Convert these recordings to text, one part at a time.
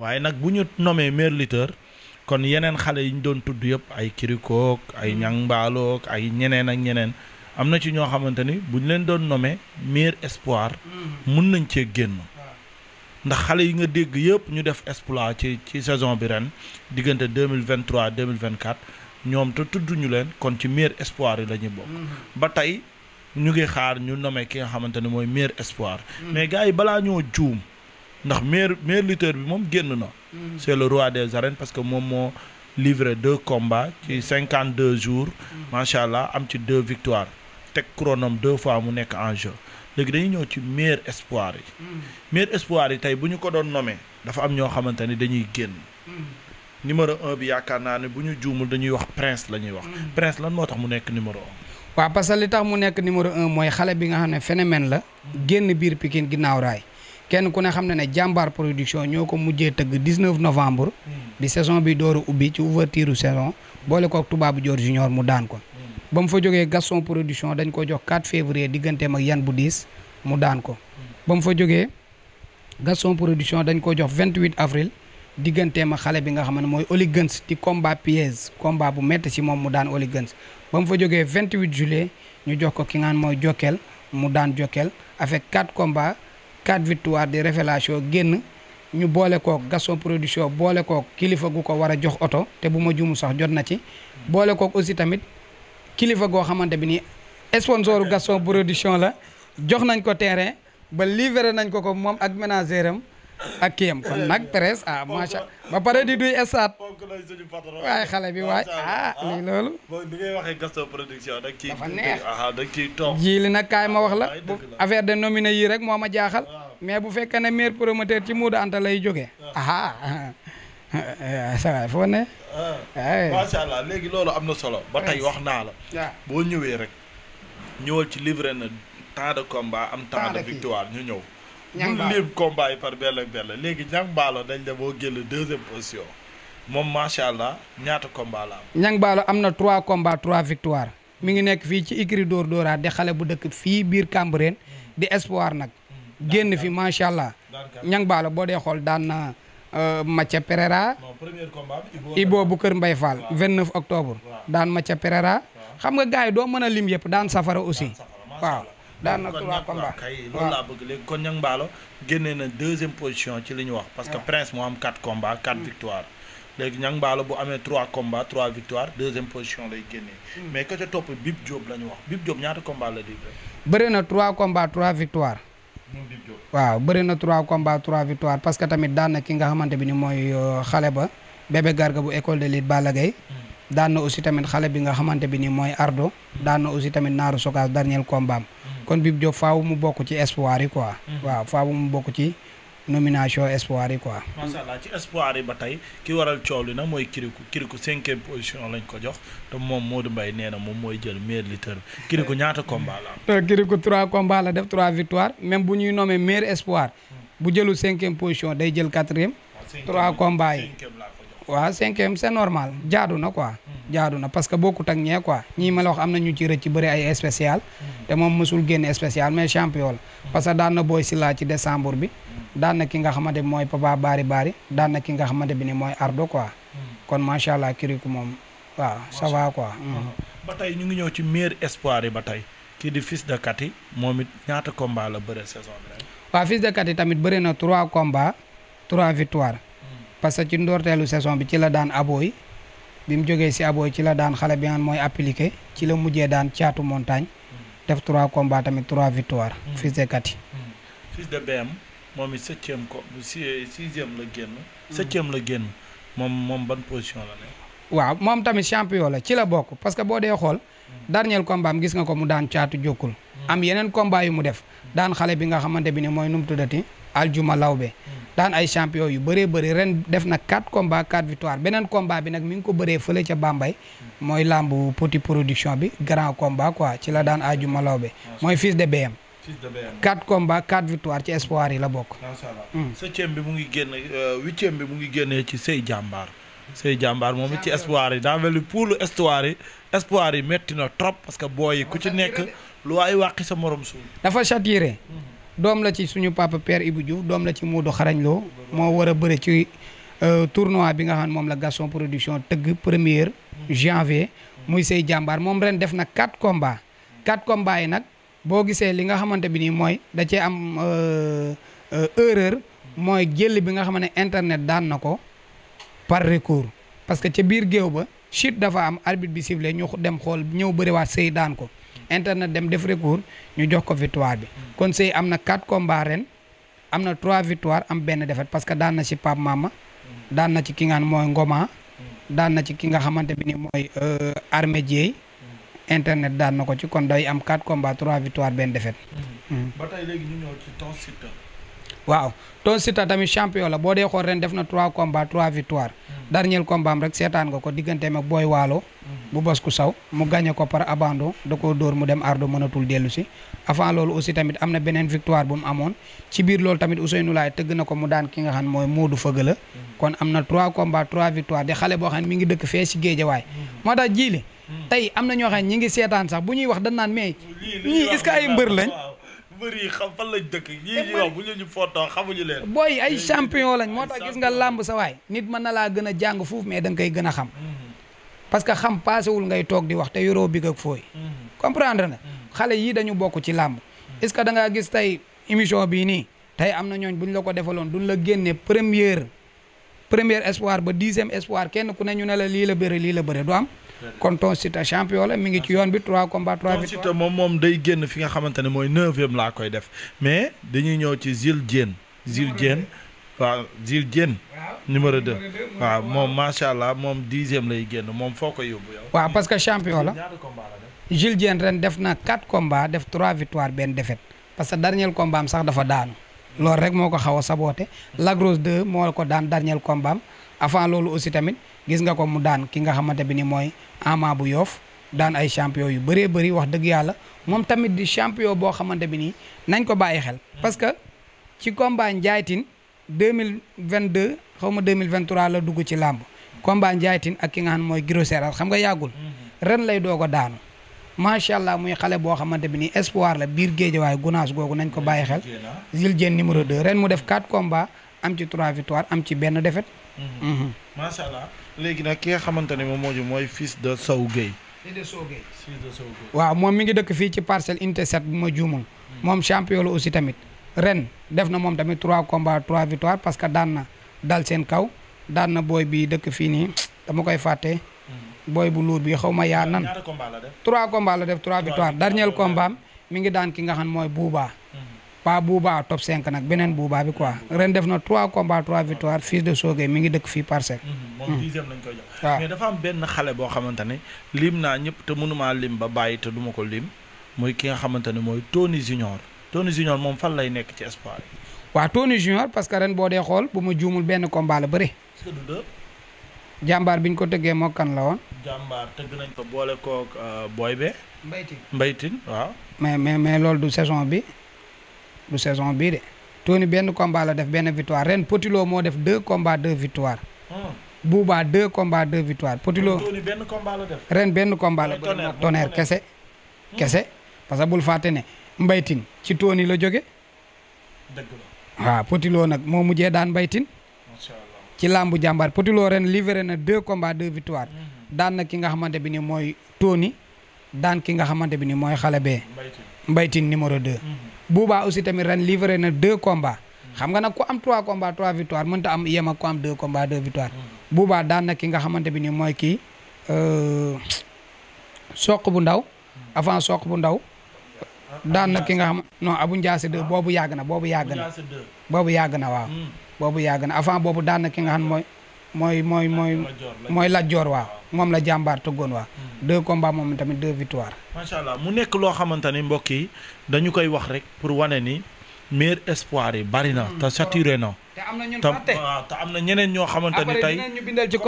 waaye nag bu ñu nomee meilleur lutteur kon yeneen xale yi ñu doon tudd yëpp ay kirikook ay ñang mm. ay ñeneen ak ñeneen am na ci ñoo xamante ni bu ñu leen doon nomee meilleur espoir mm. mun nañ cee génn ndax xale yi nga dégg yëpp ñu def exploit ci ci saison bi ren diggante deux mille vingt trois deux vingt quatre ñoom te tudd ñu leen kon ci meilleur espoir yi la ñuy bokk. Mm. ba tey ñu ngi xaar ñu nomee ki nga xamante ne mooy meilleur espoir. mais gars yi balaa ñoo juum. ndax meilleur meilleur lutteur bi moom génn na. Mm-hmm. c' est le roi des arènes parce que moom moo livré deux combats ci cinquante deux jours. Mm-hmm. macha allah am ci deux victoires teg chronom deux fois mu nekk en jeu léegi dañuy ñëw ci meilleur espoir yi. Mm-hmm. meilleur espoir yi tey bu ñu ko doon nommé dafa am ñoo xamante ni dañuy génn. numéro un bi yaakaar naa ne bu ñu juumul dañuy wax prince la ñuy wax. prince lan moo tax mu nekk numéro un. waaw parce que li tax mu nekk numéro un mooy xale bi nga xam ne phénomène la. génn biir Pikine ginnaaw raay kenn ku ne xam jambar ne production ñoo ko mujjee tëgg 19 novembre. di saison bi door a ubbi ci ouverture saison. boole koog tubaabu Dior junior mu daan ko. ba mu fa jógee Gaston production dañ ko jox 4 février digganteem ak yan bu mu daan ko. ba mu fa jógee Gaston production dañ ko jox 28 avril digganteem ak xale bi nga xam ne mooy Oligens di combat piège combat bu métti si moom mu daan Oligens. ba mu fa jógee 28 juillet ñu jox ko ki ngaan mooy Jokel mu daan Jokel avec 4 combats. quatre victoires de révélation génn ñu boole kook Gaston production boole kook kilifa gu ko war a jox oto te bu ma jumu sax jot na ci boole kook aussi tamit kilifa goo xamante bi ni sponsor Gaston production la jox nañ ko terrain ba livré nañ ko ko moom ak ménager am ak kiyam kon nag presse ah macha ba pare di duy estaat waaye xale bi waay ah lii loolu. ni ngay waxee Gaston production da jiili nag kaay ma wax la ah, affaire de nominé yii rek moo ma jaaxal. mais bu fekkee ne maire promoteur ci Moodu Anta lay jógee. ah ça va foo ne. Ah. Eh. macha léegi loolu am na solo. ba tey wax naa la. boo ñëwee rek ñëwal ci livré na temps de combat am temps de victoire ñu ñëw. ñang baalo lim combat yi par belle ak belle léegi ñang baalo dañ dem boo génn deuxième position moom macha allah ñaata combat la am. ñang baalo am na trois combats trois victoires mi ngi nekk fii ci Ikri Dóor Dóoraa di xale bu dëkk fii biir Cambérène di espoir nag. Hmm. génn fi kan? macha allah. Kan? ñang baalo boo dee xool daan na euh, Mathia Pereira. Ibo bu Kër Mbay Fall. 29 octobre. daan Mathia Pereira. xam nga gars yi doo mën a lim yëpp daan safara aussi. waaw daan na trois combats kay loolu laa bëgg léegi kon ñang mbaalo génnee na ci li ñu wax parce que prince moo am quatre combats quatre mm. victoires léegi ñang mbaalo bu amee trois combats trois victoires deuxième position lay génnee mm. mais que ca topp Bib Diop la ñu wax Bib Diop ñaata la di bëri na trois combats trois victoires waaw bëri trois combats trois victoires parce que tamit daan na ki nga xamante bi ni mooy euh, xale ba bébé garga bu école de lutte Balla Gaye mm. daan na aussi tamit xale bi nga xamante bi ni mooy ardo daan na aussi tamit naaru sokaas dernier combat kon Bib Diop faaw mu bokk ci espoir yi quoi. Mhm. waaw faaw mu bokk ci nomination espoir yi quoi. macha allah ci espoir yi ba tey ki waral coow li ko jox te moom Modou Mbaye nee na moom mooy jël meilleur lutteur Kirikou ñaata combat la euh, def trois victoires même bu ñuy nommé meilleur espoir bu jëlu cinquième position day jël quatrième. trois combats yi waaw cinquième c'est normal jaadu na quoi. Mhm. jaadu na parce que bokkut ak ñee quoi ñii ma am na ñu ci rëcc ci ay spécial. Mhm. te moom mosul génne spécial mais champion la parce que daan na booy sila ci décembre bi daan na ki nga xamante bi mooy papa bari bari daan na ki nga xamante bi ni mooy ardo quoi kon macha allah kiriku moom waaw ça va ba tey ñu ngi ñëw ci meilleur espoir yi ba tey kii di fils de Kati moom it ñaata combat la bëre saison bi waaw fils de Kati tamit bëri na trois combats trois victoires parce que ci ndoorteelu saison bi ci la daan abooy bi mu jógee si abooy ci la ci la mujjee daan caatu def trois combats tamit trois victoires. Hmm. fils de Kati. Hmm. fils moom it septième ko sixième la génn. Hmm. septième la génn moom moom ban position la ne. waaw moom tamit champion la ci la bokk parce que boo dee xool dernier combat am gis nga ko mu daan caatu jokkul am yeneen combat yu mu def daan xale bi nga xamante bi ne mooy nu mu tuddati aljuma lawbe daan ay champion yu bëree bëri ren def na 4 combats 4 victoire beneen combat bi nag mi ngi ko bëree fële ca Bambay mooy làmbu petit production bi grand combat quoi ci la daan aaju Malawbe mooy fils de BM. fils de BM 4 combats 4 victoire ci espoir yi la bokk. macha allah hmm. bi mu ngi génne euh, huitième bi mu ngi génnee ci Sey Jàmbaar. Sey Jàmbaar moom ci espoir yi daa mel ni pour espoir yi espoir yi métti na trop parce que booy yi ku ci nekk lu waay wàqi sa morom suuf. dafa chatiré. Hmm. doom la ci suñu papa père Ibou Diouf doom la ci Modou Xarañ Lo moo war a bëre ci euh, tournoi bi nga xam moom la Gaston production tëgg premier janvier muy say jàmbaar moom ren def na quatre combats quatre combats yi nag boo gisee li nga xamante bi nii mooy da cee am euh, euh, erreur mooy jël bi nga xam ne internet daan na ko par recours parce que ca biir géew ba chute dafa am arbitre bi sible ñu dem xool ñëw bëriwaat sëy daan ko internet dem def recours ñu jox ko victoire bi kon sëy am na 4 ren am na 3 victoire am benn défaite parce que daan na ci Pape maam daan na ci ki nga xam mooy daan na ci ki nga xamante bi ni mooy euh, Armé Dieye internet daan na ko ci kon day am 4 combats 3 victoire benn défaite. Mm-hmm. Mm-hmm. waaw ton Siteu tamit champion la boo dee xool ren def na trois combats trois victoires hmm. dernier combat rek seetaan ko digganteem ak Boy Waalo hmm. bu bos ku saw mu gagné ko par abandon da koo dóor mu dem ardo mënatul dellu si avant loolu aussi tamit am na beneen victoire bu mu amoon ci biir loolu tamit Ousseynou Laye tëgg na ko mu daan ki nga xam mooy Modou Fëgg la hmm. kon am na trois combats trois victoires di xale boo xam ne mi ngi dëkk fee si Géejawaay moo tax na ñoo xam ne ñi ngi seetaan sax bu ñuy wax dañ naan mais ñii mbër yi xam fan lañ dëkk ñii ñuy wax bu ñu ñu footoo xamuñu leen booy ay champion lañ moo tax gis nga làmb sa nit mën na laa gën a jàng fuuf mais da nga koy gën a xam parce que xam paasewul ngay toog di wax te yoroo big ak fooy comprendre nga xale yii dañu bokk ci làmb est-ce que da ngaa gis tey émission bii nii tey am na ñooñ buñ la ko defaloon duñ la génne première première espoir ba dixième espoir kenn ku ne ñu ne la lii la bëre lii la bëre du am kon Tonn Siteu champion la mi ngi ci yoon bi 3 combat 3 moom moom day génn fi nga xamante ne mooy neuvième laa koy def mais dañuy ñëw ci Zil Dieng. Zil Dieng waaw Zil Dieng. numéro 2 waaw moom macha allah moom dixième lay génn moom foo koy yóbbu yow. waaw parce que champion la. Zil Dieng ren def na 4 combats def 3 victoire benn défaite parce que dernier combat sax dafa daanu. loolu rek moo ko xaw a saboote. Lagros 2 moo ko daan dernier combat am loolu aussi tamit. gis nga ko mu daan ki nga xamante bi ni mooy Ama bu Yoff daan ay champion yu bëree bëri wax dëgg yàlla moom tamit di champion boo xamante bi nii nañ ko bàyyi xel parce que ci combat Ndiaye Tine 2022 xaw ma 2023 la dugg ci làmb combat ak ki nga xam mooy Giro Seras xam nga yàggul mhm. ren lay doo ko daanu macha allah muy xale boo xamante bi nii espoir la biir waaye gunaas googu nañ ko bàyyi xel Jules ah. Diène numéro 2 ren mu def 4 combats am ci 3 victoires am ci benn défaite mhm. Mhm. léegi nag ki nga xamante ne moom moo ju mooy fils de Sow Gueye. fils waaw moom mi ngi dëkk fii ci parcelle unité bu ma juumul. Hmm. moom champion la aussi tamit ren def na moom tamit 3 combats 3 victoires parce que daan na dal seen kaw daan na booy bii dëkk fii nii dama koy fàtte. Hmm. booy bu luur bii xaw ma yaa nan. 3 combats la def 3 victoires dernier combat mi ngi daan ki nga xam mooy Bouba. Hmm. pas Bouba top 5 nag beneen Bouba bi quoi ren def na 3 combats 3 victoires fils de Sogé mi ngi dëkk fii parcelle. Mhm, moom hmm. dixième dafa am benn xale boo xamante ne lim naa ñëpp te mënumaa lim ba bàyyi te duma ko lim muy ki nga xamante ne mooy Tony Junior Tony Junior moom fan lay nekk ci espoir yi. waaw Tony Junior parce que ren boo dee xool bu ma juumul benn combat la bëri. jàmbaar bi ñu ko tëggee moo kan la woon. jàmbaar tëgg nañ ko boole koog euh, booy be. mbaytin mbaytin waaw. mais mais mais loolu du saison bi. du bii de Tony benn combat la def benn victoire ren Potilo moo def deux combats deux victoire hmm. Bouba deux combats deux victoire Potilo Tony benn combat la def ren benn combat la hmm. kese parce que bul fàtte ne mbaytin ci Tony la jóge dëgg la nag moo mujjee daan mbaytin ci làmbu jàmbaar Potilo ren livré na deux combats deux victoire hmm. daan na ki nga xamante bi ni mooy Tony daan ki nga xamante bi ni mooy xale bee mbaytin numéro de mhm. buubaa aussi tamit ren livré na de combats xam nga nag ku am trois combats trois victoire mënta am yem ak ku am deux combats deux victoire mhm. buubaa daan na ki nga xamante bi ni mooy kii euh, soq bu ndaw mhm. avant soq bu ndaw daan na ki nga xam non abu njaase deux boobu yàgg na boobu yàgg boobu yàgg na waaw boobu yàgg na avant daan na ki nga mooy mooy mooy mooy Lat Joor waaw moom la jàmbaar tëggoon waa hmm. deux combats moom tamit deux victoires macha allah mu nekk loo xamante ni mbokk yi dañu koy wax rek pour wane ni meilleur espoir yi bari na hmm. te saturé na te am na ñun te am na ñeneen ñoo xamante ni tey ñu bindal ci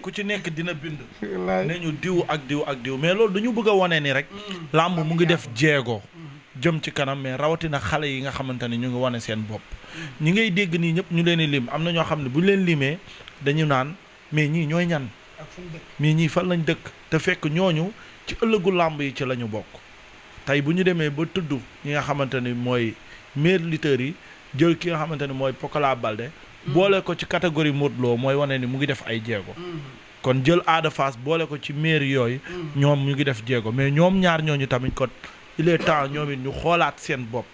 ku ci nekk dina bind ne ñu diw ak diw ak diw mais loolu dañu bëgg a wane ni rek hmm. làmb mu ngi def jéego jëm ci kanam mais rawatina xale yi nga xamante ni ñu ngi wane seen bopp ñi ngay dégg nii ñëpp ñu leen di lim am na ñoo xam ne bu ñu leen limee dañu naan mais ñii ñooy ñan mais ñii fan lañ dëkk te fekk ñooñu ci ëllëgu làmb yi ci la ñu bokk tey bu ñu demee ba tudd ñi nga xamante ni mooy meilleur lutteur yi jël ki nga xamante ni mooy Pokola Balde mm-hmm. boole ko ci catégorie Modou mooy wane ni mu ngi def ay jéego mm-hmm. kon jël aada Fass boole ko ci maire yooyu mm-hmm. ñoom ñu ngi def jéego mais ñoom ñaar ñooñu tamit ko il temps ñoom it ñu xoolaat seen bopp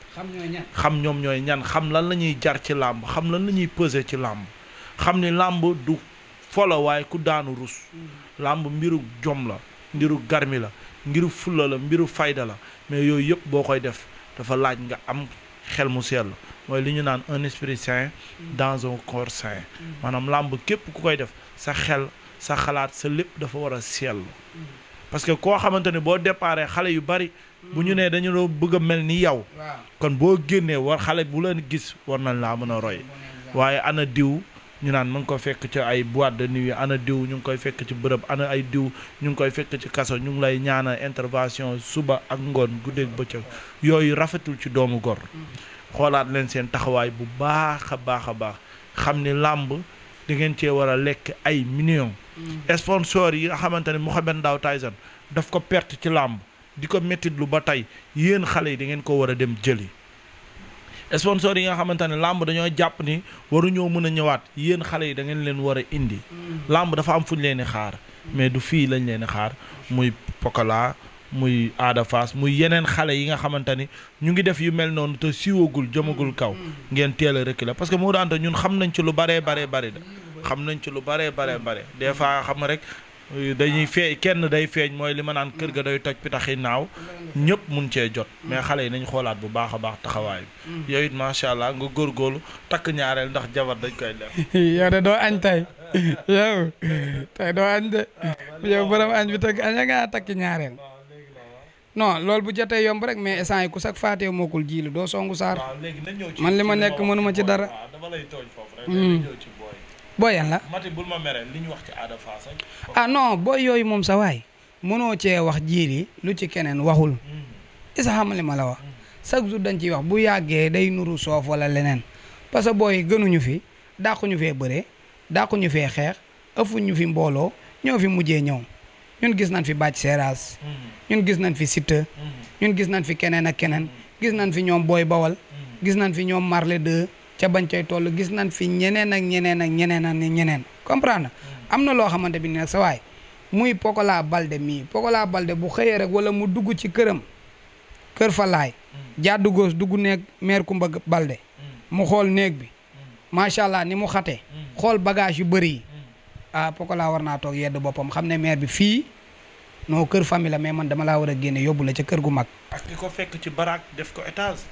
xam ñoom ñooy ñan xam lan la ñuy jar ci làmb xam lan la ñuy peser ci làmb xam ni làmb du folo waaye ku daanu rus làmb mbiru jom la mbiru garmi la ngiru fulla la mbiru fayda la mais yooyu yëpp boo koy def dafa laaj nga am xel mu sell mooy li ñu naan un esprit sain dans un corps sain maanaam làmb képp ku koy def sa xel sa xalaat sa lépp dafa war a sell parce que koo xamante ne boo déparé xale yu bari bu ñu nee dañu loo bëgg mel ni yow kon boo génnee war xale bu leen gis war nañ laa mën a roy waaye ana diw ñu naan mu ngi ko fekk ci ay boîte de nuit ana diw ñu ngi koy fekk ci bërëb ana ay diw ñu ngi koy fekk ci kaso ñu ngi lay ñaana intervention suba ak ngoon guddeeg bëccëg yooyu rafetul ci doomu gor xoolaat leen seen taxawaay bu baax a baax a baax xam ni làmb di ngeen cee war a lekk ay millions mm. sponsor yi nga xamante ne Mouhamed Ndao Tyson daf ko perte ci làmb di ko méttit lu ba tey yéen xale yi da ngeen ko war a dem jëli sponsor yi nga xamante ne làmb dañoo jàpp ni waru ñoo mën a ñëwaat yéen xale yi da ngeen leen war a indi. Mm. làmb dafa am fu ñu leen di xaar. Mm. mais du fii lañ leen di xaar muy Pokola muy aada Fass muy yeneen xale yi nga xamante ni ñu ngi def yu mel noonu te siiwagul jëmagul kaw. Mm. ngeen teel a la parce que moo daan ñun xam nañ ci lu baree baree bari xam nañ ci lu baree baree bare des fois xam rek dañuy feeñ kenn day feeñ mooy li ma naan kër ga day toj pitaxi naaw ñëpp mun cee jot mais xale yi nañ xoolaat bu baax a baax taxawaay bi mm. yow it macha allah nga góor góorlu takk ñaareel ndax jabar dañ koy def yow de doo añ tey yow tey doo añ de yow teg takk ñaareel non loolu bu jotee yomb rek mais essant yi ku sax faatee mokkul jiilu doo songu saar man li ma nekk mënuma ci dara booy yan la. ñu wax ci aada faas ah non booy yooyu moom sa waay mënoo cee wax yi lu ci keneen waxul. Mm. isa xamali ma la wax. chaque jour dañ ciy wax bu yàggee day nuru soof walla leneen parce que booy gënuñu fi dàquñu fee bëree dàquñu fee xeex ëffuñu fi mbooloo ñoo fi mujjee ñëw. ñun gis nañ fi bàcc seeraas mm. ñun gis nañ fi Siteu mm. ñun gis nañ fi keneen ak keneen gis nañ fi ñoom Boy Bawal gis nañ fi ñoom Marley 2 ca bañ cay toll gis nañ fi ñeneen ak ñeneen ak ñeneen ak ñeneen comprendre am na loo xamante bi ne sa waay muy Pokola Balde mii Pokola Balde bu xëyee rek wala mu dugg ci këram kër Falaay mm. jàddu góos dugg néeg maire Kumba Balde mm. mu xool néeg bi mm. macha allah ni mu xatee xool bagage yu bëri yi ah Pokola war naa toog yedd boppam xam ne maire bi fii non kër famille la mais man dama laa war a génne yóbbu la ca kër gu mag. ak ci baraak def ko étage.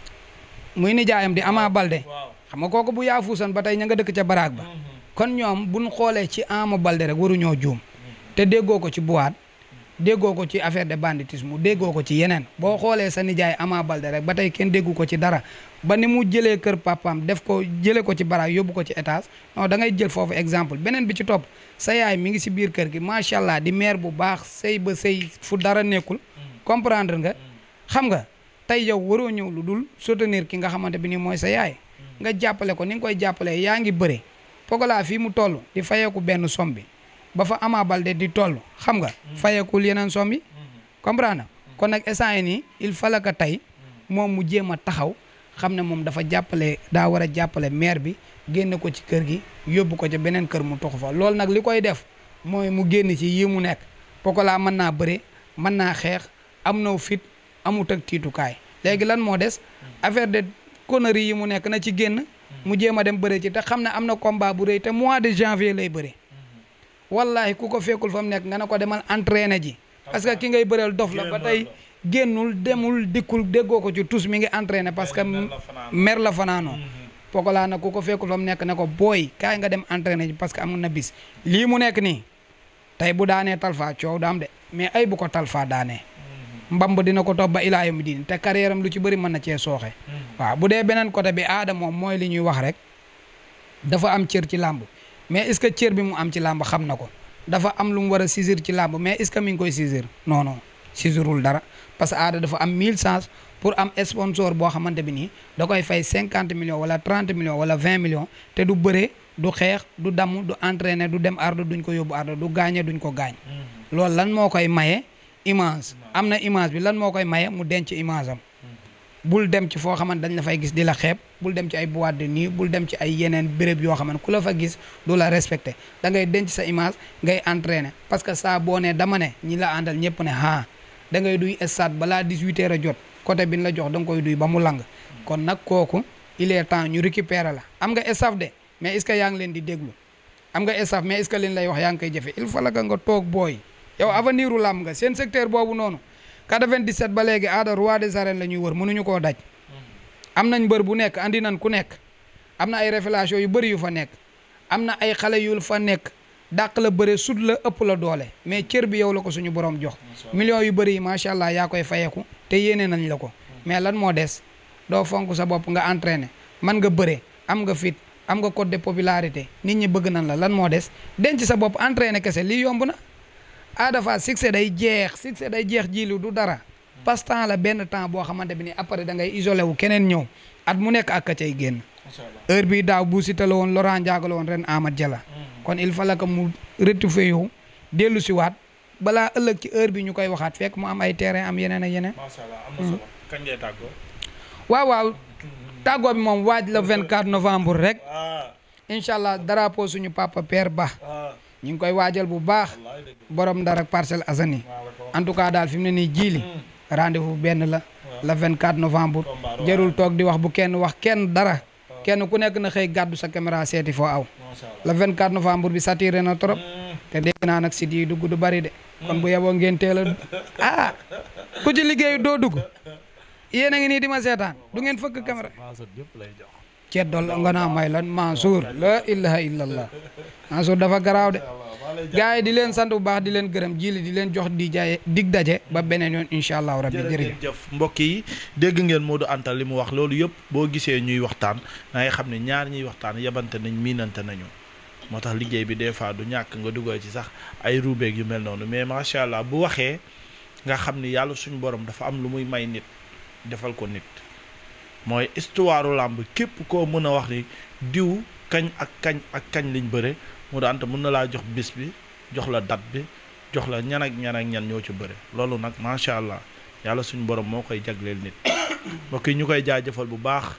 muy nijaayam di Ama Balde. xam nga kooku bu yaafuusan ba tey ña nga dëkk ca baraag ba kon ñoom buñ xoolee ci Ama Baldé rek ñoo juum te déggoo ko ci boîte déggoo ko ci affaire de mu déggoo ko ci yeneen boo xoolee sa nijaay Ama Baldé rek ba tey kenn déggu ko ci dara ba ni mu jëlee kër papam def ko jëlee ko ci baraag yóbbu ko ci étage non da jël foofu exemple beneen bi ci topp sa yaay mi ngi si biir kër gi macha allah di maire bu baax sëy ba sëy fu dara nekkul nga mm. xam nga tey yow waroo ñëw lu dul soutenir ki nga xamante bi ni mooy sa yaay nga jàppale ko ni nga koy jàppalee yaa ngi bëre Pokola fii mu toll di fayeeku benn som bi ba fa Ama Baldé di toll xam nga mm-hmm. fayeekul yeneen som yi mm-hmm. comprendre na mm-hmm. kon nag instant yi nii il fallait tey moom mu jéem a taxaw xam ne moom dafa jàppale daa war a jàppale maire bi génne ko ci kër gi yóbbu ko ci beneen kër mu toxu fa loolu nag li koy def mooy mu génn ci yi mu nekk Pokola mën naa bëre mën naa xeex am na fit amut ak tiitukaay léegi lan moo des conneries yi mu nekk na ci génn mu jéem a dem bëre ci te xam na am na combat bu rëy te mois de janvier lay bëre wallahi ku ko fekkul fa mu nekk nga ne ko demal entraîner ji parce que ki ngay bëreel dof la ba demul dikkul déggoo ko ci tous mi ngi entraîner parce que mer la fanaanoo Pokola mm-hmm. na ku ko fekkul fa mu nekk na ko booy kaay nga dem entraîner ji parce que amoon na bis lii mu nekk nii tey bu daanee talfa coow daam de mais ay bu ko talfa daanee mbamb dina ko topp ba ilaa yawmi diin te carrière am lu ci bëri mën na cee sooxe. Hmm. waaw bu dee beneen côté bi aada moom mooy li ñuy wax rek dafa am cër ci làmb mais est-ce que cër bi mu am ci làmb xam na ko dafa am lu mu war a saisir ci làmb mais est-ce que mi ngi koy saisir non non saisirul dara parce que aada dafa am mille sens pour am sponsor boo xamante bi nii da koy fay cinquante millions wala trente millions wala vingt millions te du bëre du xeex du damm du entraîner du dem ardo duñ ko yóbbu ardo du gaañe duñ ko gaañ. Hmm. loolu lan koy maye image am na image bi lan moo koy maye mu denc image am bul dem ci foo xamante dañ la fay gis di la xeeb bul dem ci ay boîte de nii bul dem ci ay yeneen béréb yoo xamante ku la fa gis du la respecté dangay denc sa image ngay ne parce que saa boo nee dama ne ñi la àndal ñëpp ne ah da ngay duy stade balaa 18 heures a jot côté bi ñu la jox da koy duy ba mu lang kon nag kooku il est temps ñu récupérer la am nga staff de mais est-ce yaa ngi leen di déglu am nga staff mais est leen lay wax yaa ngi koy jëfe la nga toog booy. yow avenir u làmb nga seen secteur boobu noonu 97 ba léegi aada roi des arènes la ñuy wër mënuñu koo daj am nañ mbër bu nekk andi nañ ku nekk am na ay révélation yu bëri yu fa nekk am na ay xale yu fa nekk dàq la bëre sut la ëpp la doole mais cër bi yow la ko suñu borom jox millions yu bëri yi macha allah yaa koy fayeku te yéene nañ la ko mais lan moo des doo fonk sa bopp nga entraîné man nga bëre am nga fit am nga code de popularité nit ñi bëgg nañ la lan moo des denc sa bopp entraîné kese lii yomb na Ada Fass succès day jeex succès day jeex jiilu du dara passe temps la benn temps boo xamante bi ni après da ngay isolé wu keneen ñëw at mu nekk ak ka cay génn heure bi daaw bu si tala woon Laurent Ndiago la woon ren Amath Dia la hmm. kon il fallait que mu rectifier yow dellu si waat balaa ëllëg ci heure bi ñu koy waxaat fekk mu am ay terrain am yeneen ak yeneen hmm. kañ ngay tàggoo waaw waaw tàggoo bi moom waaj la 24 hmm. novembre rek ah. incha allah drapeau suñu papa père ba ah. ñing koy waajal bu baax borom ndar ak azani Assainies en tout cas dal fi ni jili rendez-vous ben la le 24 novembre jarul tok di wax bu kenn wax kenn dara kenn ku nek na xey gaddu sa caméra séti fo aw le 24 novembre bi saturé na trop té dégg na nak sidi dugg du bari dé kon bu yabo ngeen teel ah ku ci liggéeyu do dugg yéna ngi ni di ma du ngén fëkk caméra ceddo la nga naa may lan Mansour la ilaha illallah Mansour dafa garaaw de gars yi di leen sant bu di leen gërëm jili di leen jox di jaay dig daje ba beneen yoon incha allahu rabbi mbokk yi dégg ngeen Modou Anta li mu wax loolu yëpp boo gisee ñuy waxtaan da xam ne ñaar ñuy waxtaan yabante nañ miinante nañu moo tax liggéey bi des fois du ñàkk nga dugal ci sax ay ruubeeg yu mel noonu mais macha allah bu waxee nga xam ni yàlla suñu borom dafa am lu muy may nit defal ko nit mooy histoire lamb képp koo mën a wax ni diw kañ ak kañ ak kañ liñ bëre mu daan te mën na laa jox bis bi jox la dat bi jox la ñan ak ñan ak ñan ñoo ci bëre loolu nag macha allah yàlla suñu borom moo koy jagleel nit mbokk ñu koy jaajëfal bu baax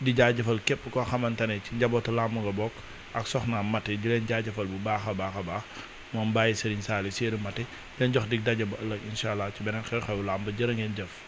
di jaajëfal képp koo xamante ne ci njabootu làmb nga bokk ak soxna Mati di leen jaajëfal bu baax a baax a baax moom bàyyi Serigne Saliou Mati leen jox dig daje ba ëllëg incha allah ci beneen xew-xew làmb jërë ngeen jëf.